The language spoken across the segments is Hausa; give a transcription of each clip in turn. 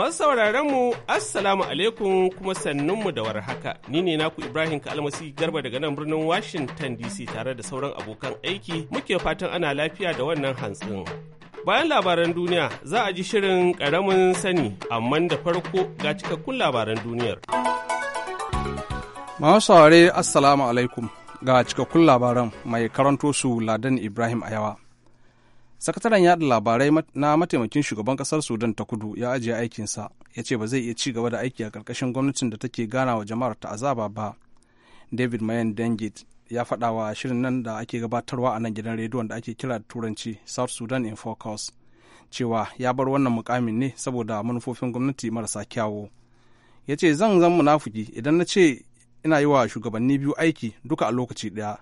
Masu sauraron mu Assalamu alaikum kuma sannunmu da warhaka. Ni ne naku Ibrahim Kalmasi Garba daga nan birnin Washington DC tare da sauran abokan aiki muke fatan ana lafiya da wannan hantsin. Bayan labaran duniya za a ji shirin ƙaramin sani amma da farko ga cikakkun labaran duniyar. Masu Assalamu alaikum ga cikakkun labaran mai karanto su Ladan Ibrahim Ayawa. sakataren yada labarai na mataimakin shugaban kasar sudan ta kudu ya ajiye aikinsa ya ce ba zai iya ci gaba da aiki a ƙarƙashin gwamnatin da take gana wa jama'ar ta azaba ba david mayan dangit ya faɗa wa shirin nan da ake gabatarwa a nan gidan rediyon da ake kira da turanci south sudan in focus cewa ya bar wannan mukamin ne saboda manufofin gwamnati marasa kyawu ya ce zan zan munafuki idan na ce ina yi wa shugabanni biyu aiki duka a lokaci ɗaya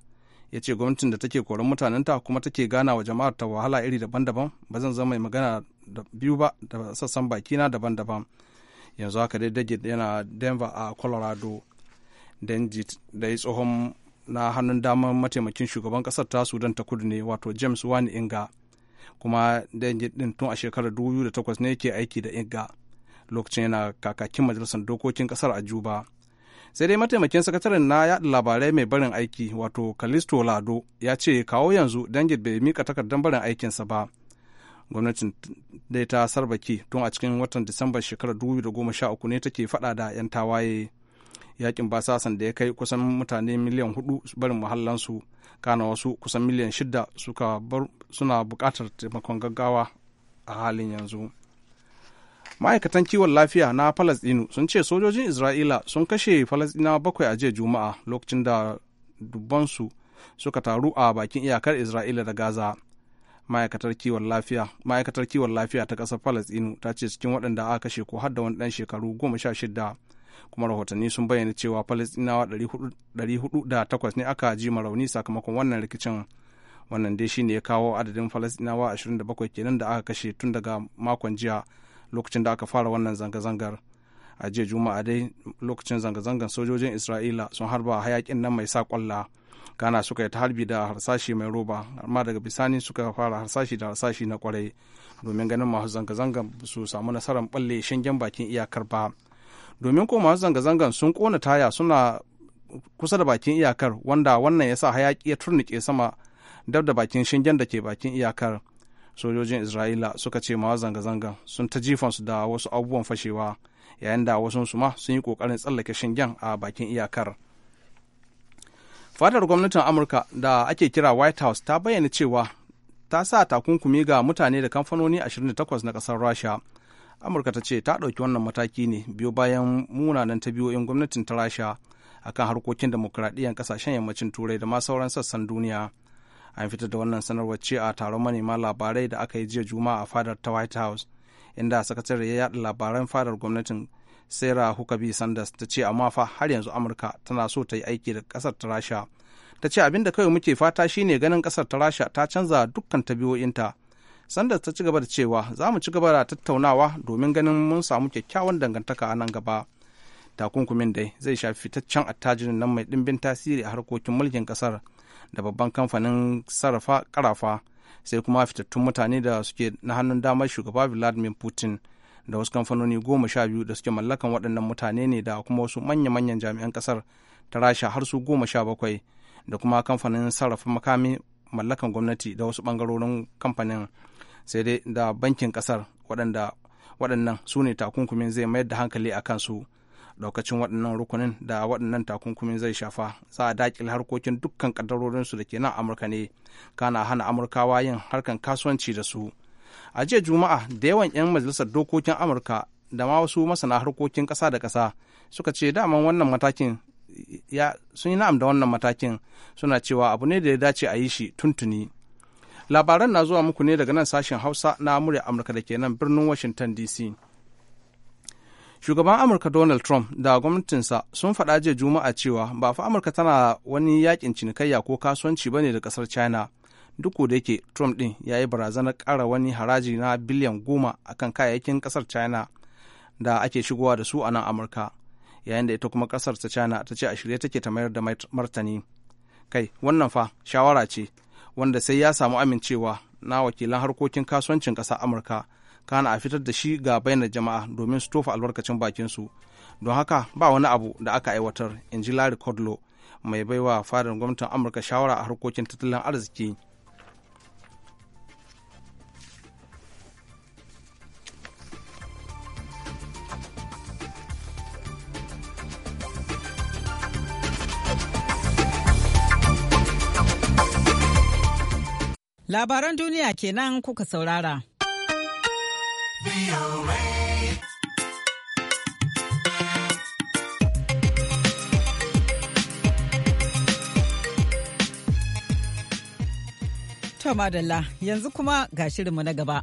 ya ce gwamnatin da take mutanen mutanenta kuma take gana wa jama'ar ta wahala iri daban-daban ba zan zama mai magana da biyu ba da sassan bakina daban-daban yanzu haka dai dagid yana denver a colorado denji da tsohon na hannun damar mataimakin shugaban kasar ta sudan ta kudu ne wato james wani inga kuma denji din tun a shekarar 2008 ne yake aiki da inga lokacin yana kakakin majalisar dokokin kasar a juba sai dai mataimakin sakataren na yaɗa labarai mai barin aiki wato kalisto lado ya ce kawo yanzu dangit bai mika takardar barin aikinsa ba gwamnatin dai ta sarbake tun a cikin watan disambar shekarar 2013 ne take fada da 'yan tawaye yakin basasan da ya kai kusan mutane miliyan hudu barin muhallansu kana wasu kusan miliyan shida suna bukatar taimakon gaggawa a halin yanzu. ma'aikatan kiwon lafiya na falastinu sun ce sojojin isra'ila sun kashe falastinawa bakwai a jiya juma'a lokacin da dubbansu suka taru a bakin iyakar isra'ila da gaza ma'aikatar kiwon lafiya ma'aikatar kiwon lafiya ta ƙasar falastinu ta ce cikin waɗanda aka kashe ko har da wani ɗan shekaru goma sha shida kuma rahotanni sun bayyana cewa da takwas ne aka ji ma rauni sakamakon wannan rikicin wannan dai shine ya kawo adadin da bakwai kenan da aka kashe tun daga makon jiya lokacin da aka fara wannan zanga-zangar a jiya juma'a dai lokacin zanga-zangar sojojin isra'ila sun harba hayakin nan mai sa kwalla kana suka yi ta harbi da harsashi mai roba amma daga bisani suka fara harsashi da harsashi na kwarai domin ganin masu zanga-zangar su samu nasarar balle shingen bakin iyakar ba domin ko masu zanga-zangar sun kona taya suna kusa da bakin iyakar wanda wannan ya sa hayaki ya turnike sama dab da bakin shingen da ke bakin iyakar sojojin isra'ila suka ce ma zanga zanga sun ta jifansu da wasu abubuwan fashewa yayin da wasu su ma sun yi kokarin tsallake shingen a bakin iyakar fadar gwamnatin amurka da ake kira white house ta bayyana cewa ta sa takunkumi ga mutane da kamfanoni 28 na kasar rasha amurka ta ce ta ɗauki wannan mataki ne biyo bayan munanan ta biyoyin gwamnatin ta rasha akan harkokin demokuraɗiyyar ƙasashen yammacin turai da ma sauran sassan duniya an fitar da wannan sanarwar ce a taron manema labarai da aka yi jiya juma'a a fadar ta white house inda sakatare ya yada labaran fadar gwamnatin sarah huckabee sanders ta ce amma fa har yanzu amurka tana so ta yi aiki da kasar ta rasha ta ce abin da kawai muke fata shine ganin kasar ta rasha ta canza dukkan tabiyoyinta sanders ta ci gaba da cewa za mu ci gaba da tattaunawa domin ganin mun samu kyakkyawan dangantaka a nan gaba takunkumin dai zai shafi fitaccen attajirin nan mai dimbin tasiri a harkokin mulkin kasar da babban kamfanin sarrafa karafa sai kuma fitattun mutane da suke na hannun damar shugaba vladimir putin da wasu kamfanoni goma sha biyu da suke mallakan waɗannan mutane ne da kuma wasu manya-manyan jami'an ƙasar ta rasha har su goma sha bakwai da kuma kamfanin sarrafa makami mallakan gwamnati da wasu bangarorin kamfanin sai dai da bankin kasar waɗanda waɗannan su ne takunkumin zai mayar da hankali a kansu daukacin waɗannan rukunin da waɗannan takunkumin zai shafa za a dakile harkokin dukkan ƙaddarorinsu da ke nan amurka ne kana hana amurkawa yin harkan kasuwanci da su a jiya juma'a da yawan 'yan majalisar dokokin amurka da ma wasu masana harkokin ƙasa da ƙasa suka ce daman wannan matakin ya sun yi na'am da wannan matakin suna cewa abu ne da ya dace a yi shi tuntuni labaran na zuwa muku ne daga nan sashen hausa na murya amurka da ke nan birnin washington dc shugaban amurka donald trump da gwamnatinsa sun faɗa jiya juma'a cewa ba fa amurka tana wani yakin cinikayya ko kasuwanci bane da ƙasar china duk da yake trump din ya yi barazanar kara wani haraji na biliyan goma a kan kayayyakin ƙasar china da ake shigowa da su a nan amurka yayin da ita kuma kasar ta china ta ce a shirye take ta mayar da martani kai wannan fa shawara ce wanda sai ya samu amincewa na wakilan harkokin kasuwancin ƙasar amurka kana a fitar da shi ga bainar jama'a domin su tofa albarkacin bakinsu don haka ba wani abu da aka aiwatar in ji larry kudlow mai baiwa fadar gwamnatin amurka shawara a harkokin tattalin arziki Labaran duniya kenan kuka saurara. To madalla yanzu kuma ga shirinmu na gaba.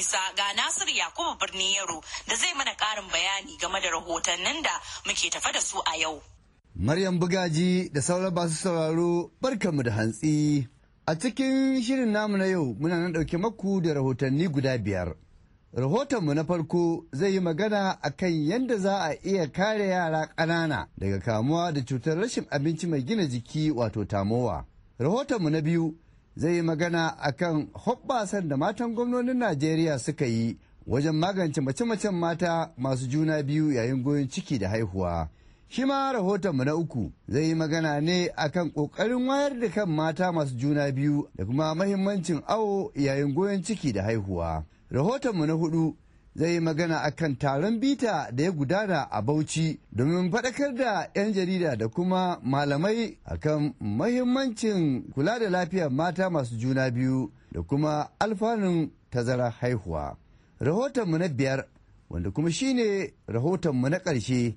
Isa ga nasiru Yakubu Birni Yaro da zai mana ƙarin bayani game da rahotannin da muke tafa da su a yau. Maryam Bugaji da sauran Basu sauraro barkanmu da hantsi. A cikin shirin namu na yau muna nan ɗauke maku da rahotanni guda biyar. Rahotonmu na farko zai yi magana a kan yadda za a iya kare yara ƙanana daga kamuwa da cutar rashin abinci mai gina jiki wato tamowa. Rahotonmu na biyu zai yi magana akan hoɓɓasan da matan gwamnonin najeriya suka yi wajen magance mace-macen mata masu juna biyu yayin goyon ciki da haihuwa shi ma rahotonmu na uku zai yi magana ne akan ƙoƙarin wayar da kan mata masu juna biyu da kuma mahimmancin awo yayin goyon ciki da haihuwa rahotonmu na hudu zai yi magana akan taron bita da ya gudana a Bauchi domin faɗakar da 'yan jarida da kuma malamai akan mahimmancin kula da lafiyar mata masu juna biyu da kuma alfanun tazarar haihuwa. Rahotonmu na biyar wanda kuma shine rahotonmu na ƙarshe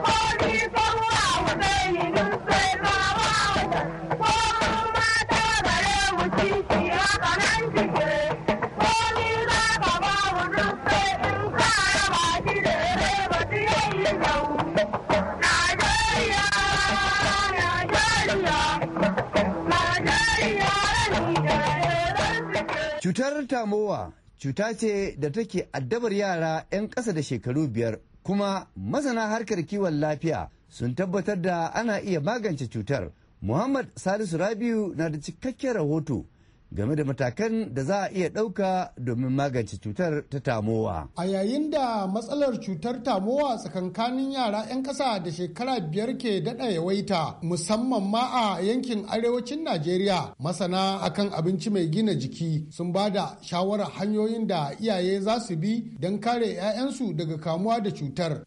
Cutar tamowa cuta ce da take addabar yara 'yan ƙasa da shekaru biyar kuma masana harkar kiwon lafiya sun tabbatar da ana iya magance cutar. Muhammad Salisu Rabiu na da cikakken rahoto game da matakan da za a iya ɗauka domin magance cutar ta tamowa. A yayin da matsalar cutar tamowa tsakankanin yara 'yan ƙasa da shekara biyar ke daɗa yawaita musamman ma a yankin arewacin Najeriya masana akan abinci mai gina jiki sun ba da shawarar hanyoyin da iyaye za su bi don kare 'ya'yansu daga kamuwa da cutar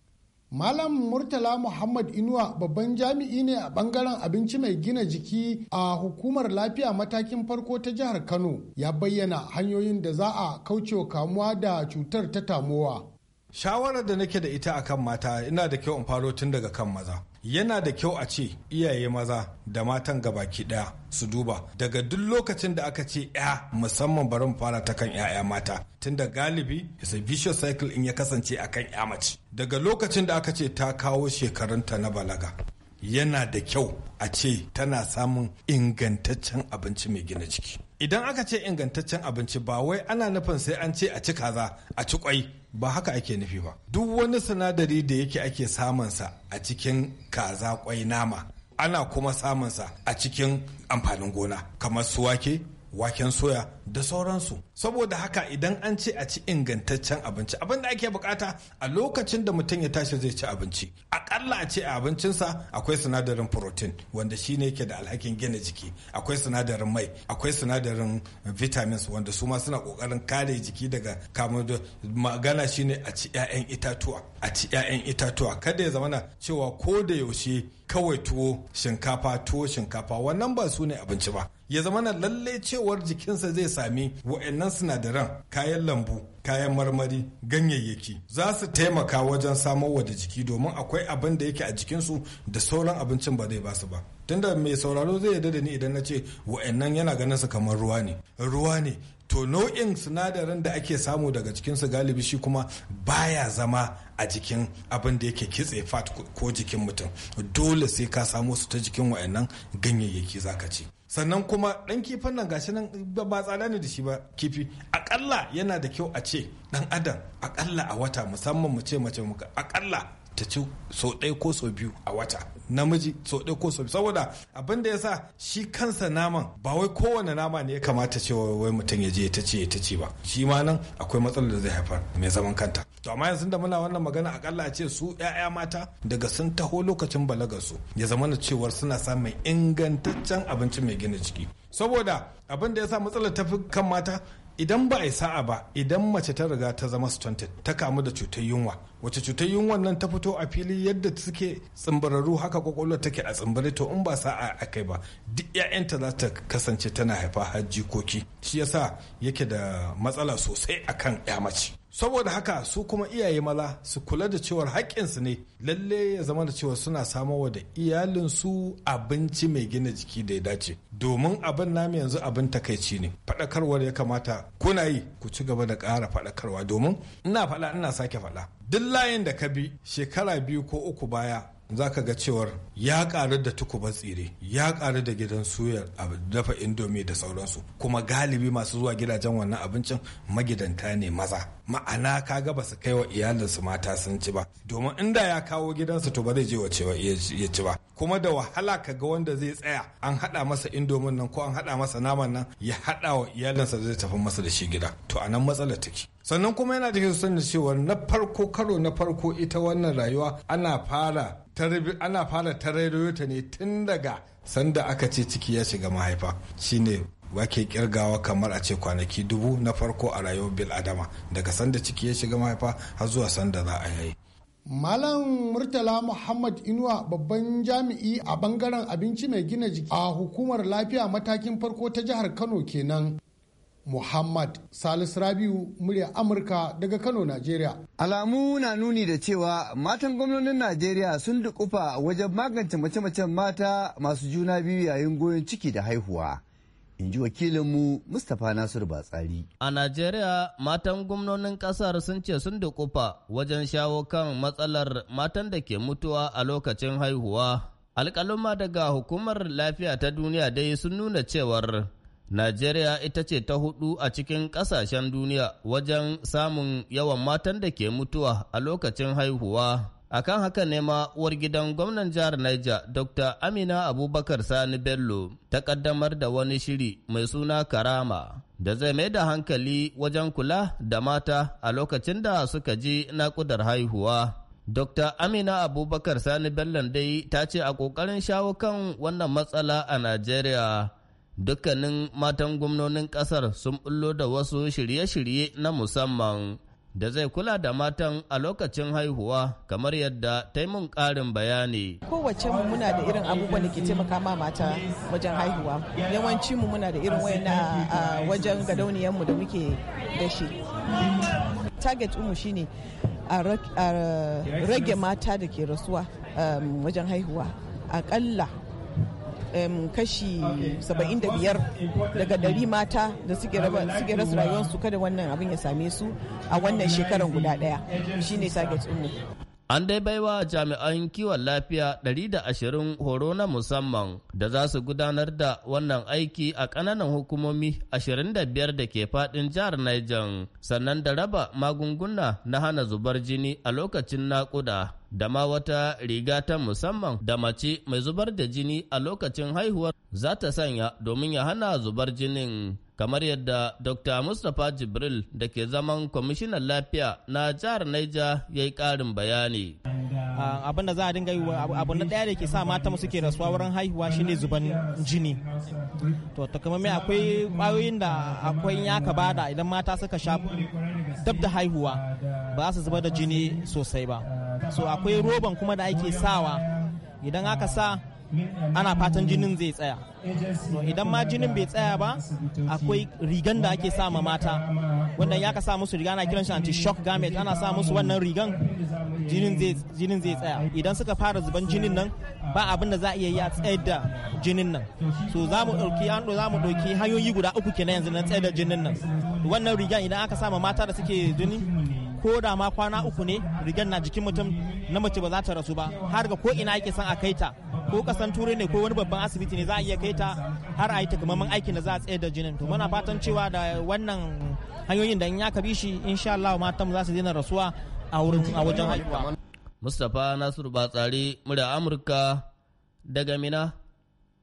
Malam Murtala Muhammad Inuwa babban jami'i ne a bangaren abinci mai gina jiki a hukumar lafiya matakin farko ta jihar Kano ya bayyana hanyoyin da za a kaucewa kamuwa da cutar ta tamowa. shawarar da nake da ita akan mata ina da kyau in faro tun daga kan maza yana da kyau a ce iyaye maza da matan gabaki daya su duba daga duk lokacin da aka ce ya musamman barin fara ta kan 'ya'ya mata tun tunda galibi is a vicious cycle in ya kasance akan 'ya mace daga lokacin da aka ce ta kawo shekarunta na balaga yana da kyau a ce tana samun ingantaccen abinci mai gina jiki idan aka ce ingantaccen abinci ba wai ana nufin sai an ce a ci kaza a ci kwai ba haka ake nufi ba duk wani sinadari da yake ake samunsa a cikin kaza kwai nama ana kuma samunsa a cikin amfanin gona kamar su wake waken soya da sauransu saboda haka idan an ce a ci ingantaccen abinci abin da ake bukata a lokacin da mutum ya tashi zai ci abinci akalla a ce a abincinsa akwai sinadarin protein wanda shi ne yake da alhakin gina jiki akwai sinadarin mai akwai sinadarin vitamins wanda su ma suna kokarin kare jiki daga kamar magana shine a ci 'ya'yan itatuwa a ci 'ya'yan itatuwa kada ya zamana cewa ko da yaushe kawai tuwo shinkafa tuwo shinkafa wannan ba su ne abinci ba ya zamana lalle cewar jikinsa zai sami wa'annan sinadaran kayan lambu kayan marmari ganyayyaki za su taimaka wajen samar wa da jiki domin akwai abin da yake a jikinsu da sauran abincin ba zai ba su ba tunda mai sauraro zai yarda da ni idan na ce wa'annan yana ganin su kamar ruwa ne ruwa ne to nau'in sinadarin da ake samu daga su galibi shi kuma baya zama a jikin abin da yake kitse fat ko jikin mutum dole sai ka samo su ta jikin wa'annan ganyayyaki zaka ci sannan kuma dan kifin nan gashi nan ba tsada ne da shi ba kifi akalla yana da kyau a ce dan adam akalla a wata musamman mu ce mace muka akalla ta ci sau ɗaya ko sau biyu a wata namiji sau ɗaya ko sau biyu saboda abin da ya sa shi kansa naman ba wai kowane nama ne ya kamata ce wai mutum ya je ta ce ta ci ba shi ma nan akwai matsalar da zai haifar mai zaman kanta to amma yanzu da muna wannan magana akalla a ce su ƴaƴa mata daga sun taho lokacin su ya zama na cewar suna samun ingantaccen abinci mai gina jiki saboda abin da ya sa matsalar tafi kan mata idan ba a yi sa'a ba idan mace ta riga ta zama stunted ta kamu da cutar yunwa wace cutar yunwa nan ta fito a fili yadda suke tsimbararru haka kwakwalwar take a tsimbare to in ba sa'a a kai ba duk 'ya'yanta za ta kasance tana haifa har jikoki shi yasa yake da matsala sosai akan 'ya mace saboda haka su kuma iyaye mala su kula da cewar haƙƙinsu ne lalle ya zama da cewa suna samarwa da iyalinsu abinci mai gina jiki da ya dace domin abin namu yanzu abin takaici ne faɗakarwar ya kamata kuna yi ku ci gaba da ƙara faɗakarwa domin ina faɗa ina sake faɗa duk layin da ka bi shekara biyu ko uku baya za ka ga cewar ya karu da tukuba tsire ya karu da gidan suya a dafa indomi da sauransu kuma galibi masu zuwa gidajen wannan abincin magidanta ne maza ma'ana ka ga ba su kai wa iyalinsu mata sun ci ba domin inda ya kawo gidansu to ba zai je wace ya ci ba kuma da wahala ka ga wanda zai tsaya an hada masa indomin nan ko an hada masa naman nan ya hada wa iyalinsa zai tafi masa da shi gida to anan matsalar take sannan kuma yana da kyau sani cewa na farko karo na farko ita wannan rayuwa ana fara ana fara ta ne tun daga sanda aka ce ciki ya shiga mahaifa shine wake kirgawa kamar a ce kwanaki dubu na farko a rayuwar bil adama daga sanda ciki ya shiga mahaifa har zuwa sanda za a yayi Malam Murtala Muhammad Inuwa babban jami'i a bangaren abinci mai gina jiki a hukumar lafiya matakin farko ta jihar Kano kenan Muhammad Salisu Rabiu murya Amurka daga Kano, Najeriya. Alamu na nuni da cewa matan gwamnonin Najeriya sun dukufa wajen magance mace-macen mata masu juna biyu yayin goyon ciki da haihuwa. In ji wakilinmu Mustapha Nasiru Batsari. A Najeriya, matan gwamnonin kasar sun ce sun dukufa wajen shawo kan matsalar matan da ke mutuwa a lokacin haihuwa. Alƙaluma daga hukumar lafiya ta duniya dai sun nuna cewar Najeriya ita ce ta hudu a cikin ƙasashen duniya wajen samun yawan matan da ke mutuwa a lokacin haihuwa. A kan haka ne ma uwar gidan gwamnan jihar Niger Dr. Amina Abubakar Sani Bello ta ƙaddamar da wani shiri mai suna Karama da zai mai da hankali wajen kula da mata a lokacin da suka ji naƙudar haihuwa. Dr. Amina Abubakar Sani Bello dai ta ce a ƙoƙarin shawo kan wannan matsala a Najeriya. dukkanin matan gwamnonin kasar sun bullo da wasu shirye-shirye na musamman da zai kula da matan a lokacin haihuwa kamar yadda ta yi mun ƙarin bayani. Kowace mu muna da irin abubuwan da ke taimaka ma mata wajen haihuwa. Yawanci mu muna da irin wayan a wajen mu da muke da shi. Target umu shine a rage mata da ke rasuwa um, wajen haihuwa. Akalla kashi da biyar daga ɗari mata da suke rasa rayuwarsu kada wannan abin ya same su a wannan shekaran guda ɗaya shine target mu An dai baiwa jami'an kiwon lafiya 120 horo na musamman da za su gudanar da wannan aiki a ƙananan hukumomi 25 da ke faɗin jihar Niger, sannan da raba magunguna na hana zubar jini a lokacin naƙuda. Da ma wata riga ta musamman da mace mai zubar da jini a lokacin haihuwar za ta sanya domin ya hana zubar jinin. kamar yadda Dr. Mustapha Jibril da ke zaman kwamishinan lafiya na jihar Naija ya yi karin bayani. Abin da za a dinga yi abu na daya da ke sa mata mu suke rasuwa wurin haihuwa shine zuban jini. To takamaimai akwai kwayoyin da akwai ya ka bada idan mata suka sha dab da haihuwa ba su zuba da jini sosai ba. So akwai roban kuma da ake sawa idan aka sa ana fatan jinin zai tsaya idan ma jinin bai tsaya ba akwai rigan da ake sa ma mata wannan ya ka sa musu riga ana kiran shi anti shock garment ana sa musu wannan rigan jinin zai tsaya idan suka fara zuban jinin nan ba abin da za a iya yi a tsayar da jinin nan so za mu ɗauki an za mu ɗauki hanyoyi guda uku kenan yanzu na tsayar da jinin nan wannan rigan idan aka sama mata da suke jini ko da ma kwana uku ne rigar na jikin mutum na mace ba za ta rasu ba har ga ko ina ake son a kai ta ko kasan turai ne ko wani babban asibiti ne za a iya kai ta har a yi takamaiman aikin da za a tsaye da jinin to muna fatan cewa da wannan hanyoyin da in ya kabi shi insha Allah matan za su daina rasuwa a wurin a wajen haihuwa Mustapha Nasiru Batsari murya Amurka daga Mina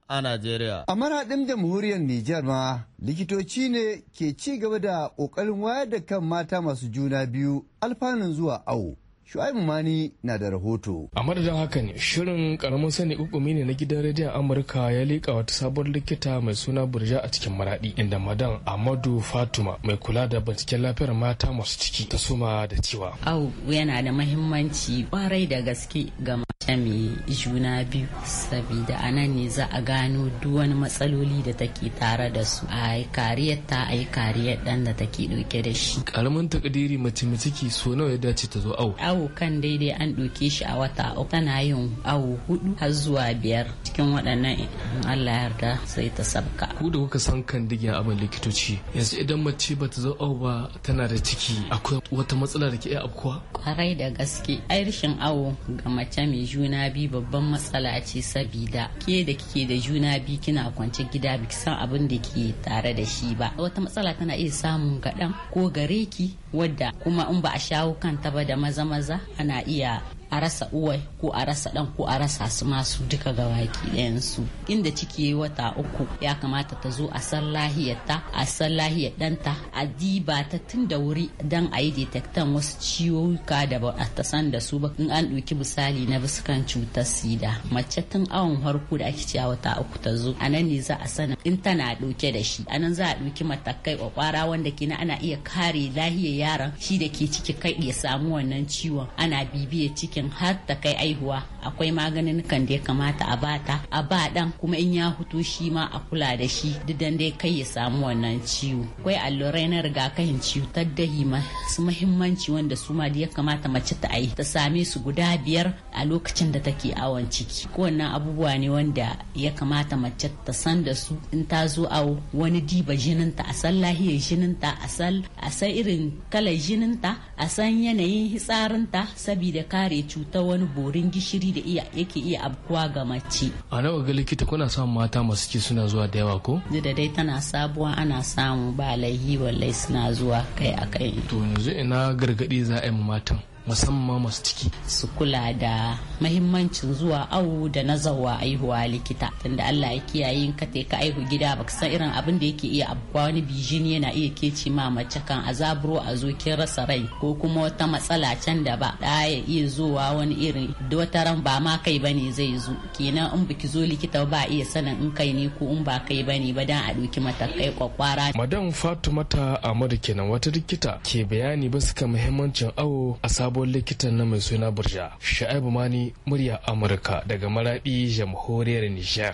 a Najeriya. A maraɗin jamhuriyar Nijar ma likitoci ne ke ci gaba da ƙoƙarin wayar da kan mata masu juna biyu alfanun zuwa awo. Shu'aibu Mani na da rahoto. A madadin ne shirin karamin sani ukumi ne na gidan rediyon Amurka ya leƙa wata sabuwar likita mai suna Burja a cikin maraɗi inda madan Amadu Fatuma mai kula da binciken lafiyar mata masu ciki ta suma da cewa. Au yana da mahimmanci kwarai da gaske gama. ta mai juna biyu sabida a nan ne za a gano duk wani matsaloli da take tare da su a yi kariyar ta a yi kariyar dan da take dauke da shi karamin takadiri mace mai ciki so nawa ya dace ta zo awo awo kan daidai an ɗauke shi a wata uku tana yin awo hudu har zuwa biyar cikin waɗannan in Allah yarda sai ta sabka ku da kuka san kan digin abin likitoci yanzu idan mace bata zo awo ba tana da ciki akwai wata matsala da ke iya afkuwa kwarai da gaske ai rashin awo ga mace mai juna biyu babban matsala ce sabida ke da kike da juna biyu kina kwance gida biki san abin da ke tare da shi ba wata matsala tana iya samun kaɗan ko gare ki wadda kuma in ba a shawo kanta ba da maza maza ana iya a rasa uwa ko a rasa dan ko a rasa su masu duka gabaki ɗayan su inda ciki yayi wata uku ya kamata ta zo a san lahiyarta a san lahiyar ɗanta a diba ta tun da wuri dan a yi detektan wasu ciwuka da ba a ta san da su ba in an ɗauki misali na biskan cutar sida mace tun awon farko da ake cewa wata uku ta zo a nan ne za a sanin in tana ɗauke da shi a nan za a ɗauki matakai kwakwara wanda kina ana iya kare lahiyar yaran shi da ke ciki kai ya samu wannan ciwon ana bibiyar cikin cikin har ta kai aihuwa akwai maganin kan da ya kamata a bata a ba dan kuma in ya hutu shi ma a kula da shi didan dai kai ya samu wannan ciwo akwai allurai na rigakafin cutar hima su muhimmanci wanda su ma ya kamata mace ta yi ta same su guda biyar a lokacin da take awon ciki wannan abubuwa ne wanda ya kamata mace ta san da su in ta zo a wani diba jininta a san lahiyar jininta a san irin kalar jininta a san yanayin hitsarinta sabida kare Cuta wani borin gishiri da iya yake iya abkuwa ga mace a nawa ga likita kuna samun mata masu ciki suna zuwa da yawa ko da dai tana sabuwa ana samu ba laihi wallahi suna zuwa kai a kai to yanzu ina gargadi za a yi matan musamman masu ciki. Su kula da mahimmancin zuwa awu da na zawa aihuwa likita. Tunda Allah ya kiyaye ka ka aihu gida baka san irin abin da yake iya abuwa wani bijin yana iya keci ma mace kan a zaburo a zo kin rasa rai ko kuma wata matsala can da ba da ya iya zuwa wani irin da wata ran ba ma kai bane zai zo kenan in biki zo likita ba iya sanin in kai ne ko in ba kai bane ba dan a ɗauki matakai kwakwara. Madam Fatumata Ahmadu kenan wata likita ke bayani ba suka muhimmancin awo a sabon likitan na mai suna burja sha'ibu mani murya amurka daga maraɗi jamhuriyar nijar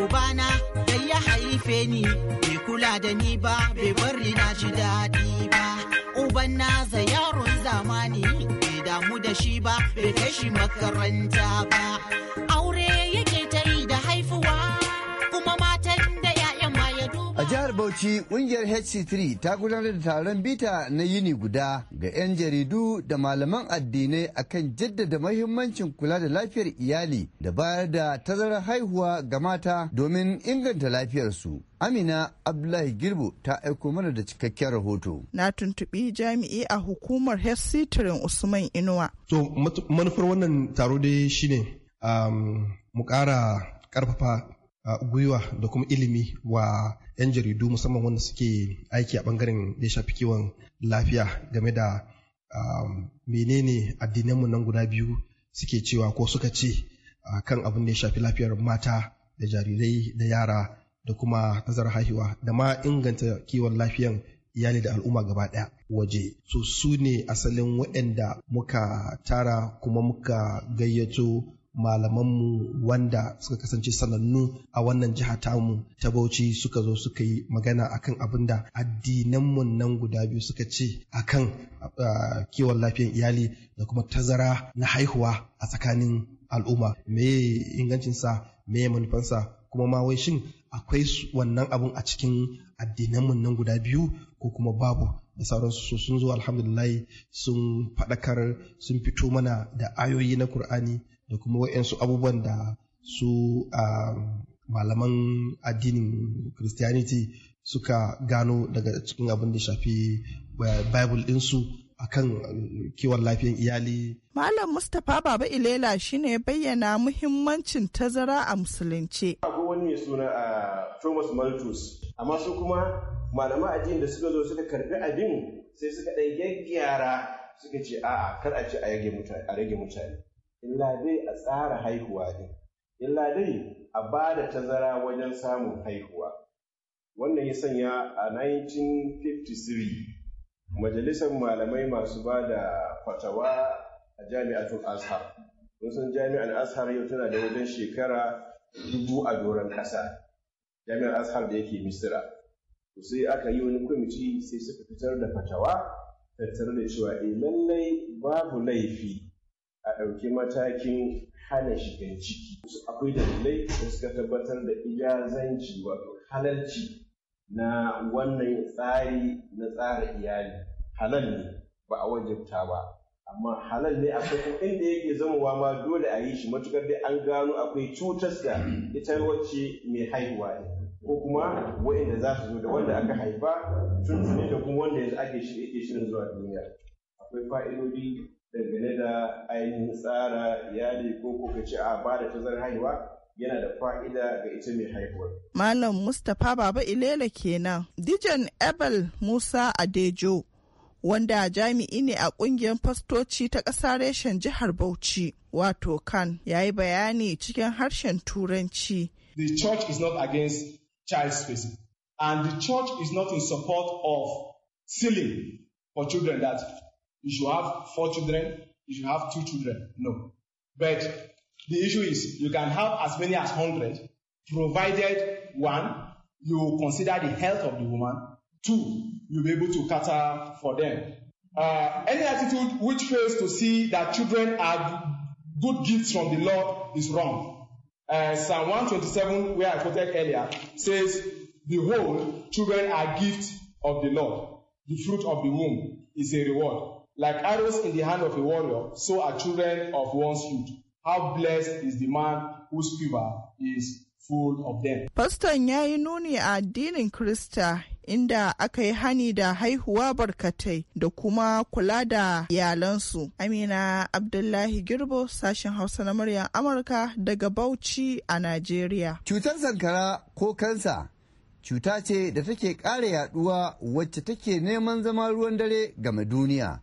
Ubana da ya haife ni bai kula da ni ba bai bari na ji daɗi ba uban na za yaron zamani da shi ba bai kai shi makaranta ba aure yake ta yi da haifuwa Bauchi ƙungiyar HC3 ta gudanar da taron bita na yini guda ga 'yan jaridu da malaman addinai akan jaddada mahimmancin kula da lafiyar iyali da bayar da tazarar haihuwa ga mata domin inganta lafiyarsu. Amina Abdullahi Girbu ta aiko mana da cikakken rahoto. Na tuntubi jami'i a hukumar HC3 Usman Inuwa. So manufar wannan taro dai shine um, mu ƙara ƙarfafa gwiwa da kuma ilimi wa 'yan jaridu musamman wanda suke aiki a bangaren da ya shafi kiwon lafiya game da um, menene addinanmu nan guda biyu suke cewa ko suka ce kan abin da ya shafi lafiyar mata da jarirai da yara da kuma tazarar haihuwa da ma inganta kiwon lafiyan iyali da al'umma gaba ɗaya waje so su ne asalin waɗanda muka tara kuma muka gayyato malamanmu wanda suka kasance sanannu a wannan jiha tamu ta Bauchi suka zo suka yi magana akan abin da addinanmu nan guda biyu suka ce akan kiwon lafiyar iyali da kuma tazara na haihuwa a tsakanin al'umma me ingancinsa me manufansa kuma ma wai shin akwai wannan abun a cikin addinanmu nan guda biyu ko kuma babu da sauransu sun zo alhamdulillah sun faɗakar sun fito mana da ayoyi na Kur'ani da kuma wa'yansu abubuwan da su um, malaman addinin christianity suka gano daga cikin abin da shafi eh, bible ɗinsu a kan kiwon lafiyan iyali. Malam Mustapha Baba Ilela shi ne bayyana muhimmancin tazara a Musulunci. Akwai wani mai suna a ah, Thomas Malthus, amma su kuma malama addini da suka zo suka karbi abin sai suka ɗan gyaggyara suka ce a'a kar a ce a rage mutane. illa dai a tsara haihuwa din illa dai a ba da tazara wajen samun haihuwa wannan ya sanya a 1953 majalisar malamai masu ba da fatawa a jami'atul azhar mun san jami'ar azhar yau tana da wajen shekara dubu a doron ƙasa jami'ar azhar da yake misira sai aka yi wani kwamiti sai suka fitar da fatawa tattare da cewa eh, lallai babu laifi a ɗauki matakin hana shigan ciki akwai dalilai da suka tabbatar da ijazanci wato halalci na wannan tsari na tsara iyali halal ne ba a wajibta ba amma halal ne akwai kuma inda yake zamowa ma dole a yi shi matukar dai an gano akwai cutar da ita wacce mai haihuwa ne ko kuma wa'inda za su zo da wanda aka haifa tun da kuma wanda yanzu ake shirin zuwa duniya akwai fa'idodi dangane da ainihin tsara iyali ko kuka ce a ba da tazar haihuwa yana da fa'ida ga ita mai haihuwa. Malam Mustapha Baba Ilela kenan. Dijon Ebel Musa Adejo wanda jami'i ne a ƙungiyar fastoci ta ƙasar reshen jihar Bauchi wato kan ya yi bayani cikin harshen turanci. The church is not against child spacing and the church is not in support of ceiling for children that you should have four children, you should have two children. No. But the issue is you can have as many as 100, provided one, you consider the health of the woman, two, you'll be able to cater for them. Uh, any attitude which fails to see that children are good gifts from the Lord is wrong. Uh, Psalm 127, where I quoted earlier, says, Behold, children are gifts of the Lord. The fruit of the womb is a reward. Like arrows in the hand of a warrior, so are children of one's youth. How blessed is the man whose quiver is full of them. Faston ya yi nuni a addinin Krista inda aka yi hani da haihuwa barkatai da kuma kula da iyalansu. Amina Abdullahi Girbo sashen Hausa na muryar Amurka daga Bauchi a Najeriya. Cutar sankara ko kansa cuta ce da take ƙara yaduwa wacce take neman zama ruwan dare game duniya.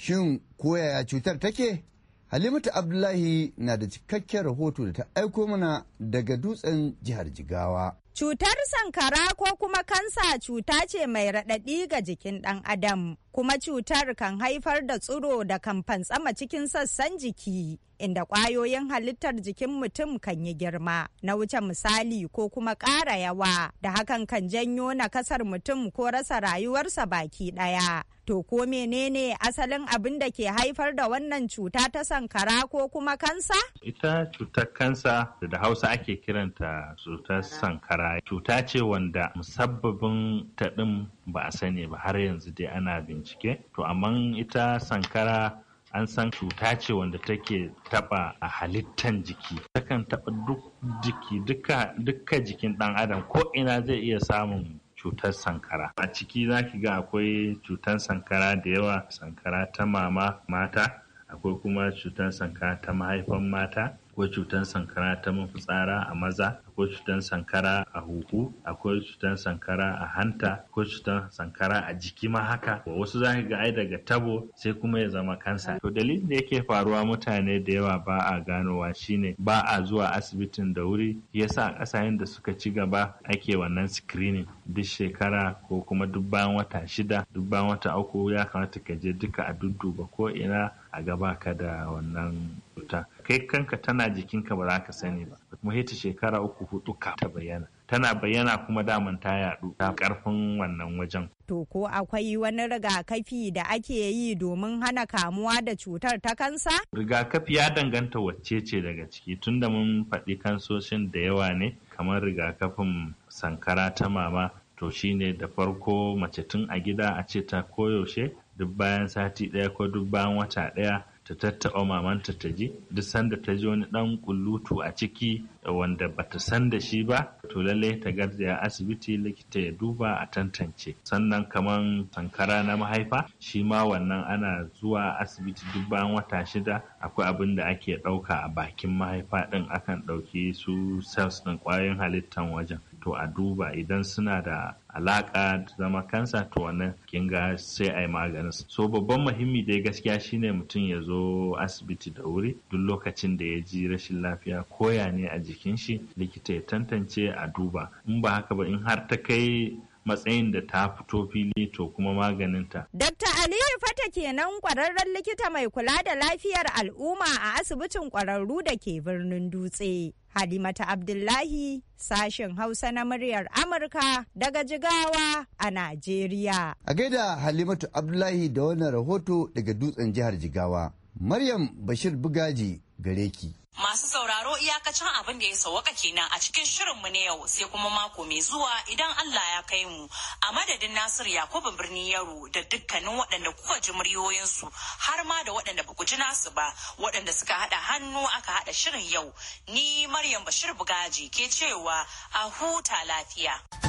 Shin koyaya cutar take? Halimatu Abdullahi na da cikakken rahoto da ta aiko mana daga dutsen jihar Jigawa. Cutar sankara ko kuma kansa cuta ce mai raɗaɗi ga jikin ɗan adam, kuma cutar kan haifar da tsiro da kan fantsama cikin sassan jiki, inda ƙwayoyin halittar jikin mutum kan yi girma, na wuce misali ko kuma ƙara yawa, da hakan kan janyo nakasar mutum ko rasa rayuwarsa baki ɗaya. To ko menene asalin abin da ke haifar da wannan cuta ta sankara ko kuma kansa? Ita cutar kansa da Hausa ake kiranta cutar sankara. cuta ce wanda musabbabin taɗin ba a sani ba har yanzu dai ana bincike to amma ita sankara an san cuta ce wanda take taɓa a halittan jiki takan taba duk jiki duka jikin ɗan adam ko ina zai iya samun cutar sankara a ciki za ki ga akwai cutar sankara da yawa sankara ta mama mata akwai kuma cutar sankara ta mahaifan mata akwai cutar sankara ta mafitsara a maza akwai cutar sankara a huhu akwai cutar sankara a hanta akwai cutar sankara a jiki ma haka wasu za ga ai daga tabo sai kuma ya zama kansa to dalilin da yake faruwa mutane da yawa ba a ganowa shine ba a zuwa asibitin da wuri yasa ƙasashen da suka ci gaba ake wannan screening duk shekara ko kuma duk bayan wata shida duk bayan wata uku ya kamata ka je duka a dudduba ko ina a gaba ka da wannan cuta kai kanka tana jikinka ba za ka sani ba Mu hita shekara uku hudu ka ta bayyana tana bayyana kuma daman ta yadu ta karfin wannan wajen to ko akwai wani rigakafi da ake yi domin hana kamuwa da cutar ta kansa rigakafi ya danganta wacce ce daga ciki tunda mun faɗi kansoshin da yawa ne kamar rigakafin sankara ta mama to shine da farko mace tun a gida a ce ta koyaushe duk bayan sati ɗaya ko duk bayan wata ɗaya ta tattaɓa mamanta ta ji duk sanda ta ji wani ɗan ƙullutu a ciki wanda ba ta san da shi ba to lallai ta garzaya asibiti likita ya duba a tantance sannan kaman sankara na mahaifa shi ma wannan ana zuwa asibiti duk bayan wata shida akwai abin da ake ɗauka a bakin mahaifa ɗin akan ɗauki su cells ɗin ƙwayoyin halittan wajen to a duba idan suna da da zama kansa to wannan kinga sai a yi maganin so babban muhimmi dai gaskiya shine mutum ya zo asibiti da wuri duk lokacin da ya ji rashin lafiya koya ne a jikin shi likita ya tantance a duba in ba haka ba in har ta kai matsayin da ta fito fili to kuma maganinta. Dr. Aliyu Fata kenan kwararren likita mai kula da lafiyar al'umma a asibitin kwararru da ke birnin dutse. Halimata Abdullahi sashen Hausa na muryar Amurka daga Jigawa a Najeriya. A gaida Halimatu Abdullahi da wannan rahoto daga dutsen jihar Jigawa. Maryam Bashir Bugaji gare ki. Masu sauraro iyakacin abin da ya sauwaka kenan a cikin shirin mu ne yau sai kuma mako mai zuwa idan Allah ya kai mu a madadin Nasir Yakubu birni Yaro da dukkanin waɗanda kuka ji muryoyinsu har ma da waɗanda ba ku ji nasu ba waɗanda suka haɗa hannu aka haɗa shirin yau ni Maryam Bashir Bugaji ke cewa a huta lafiya.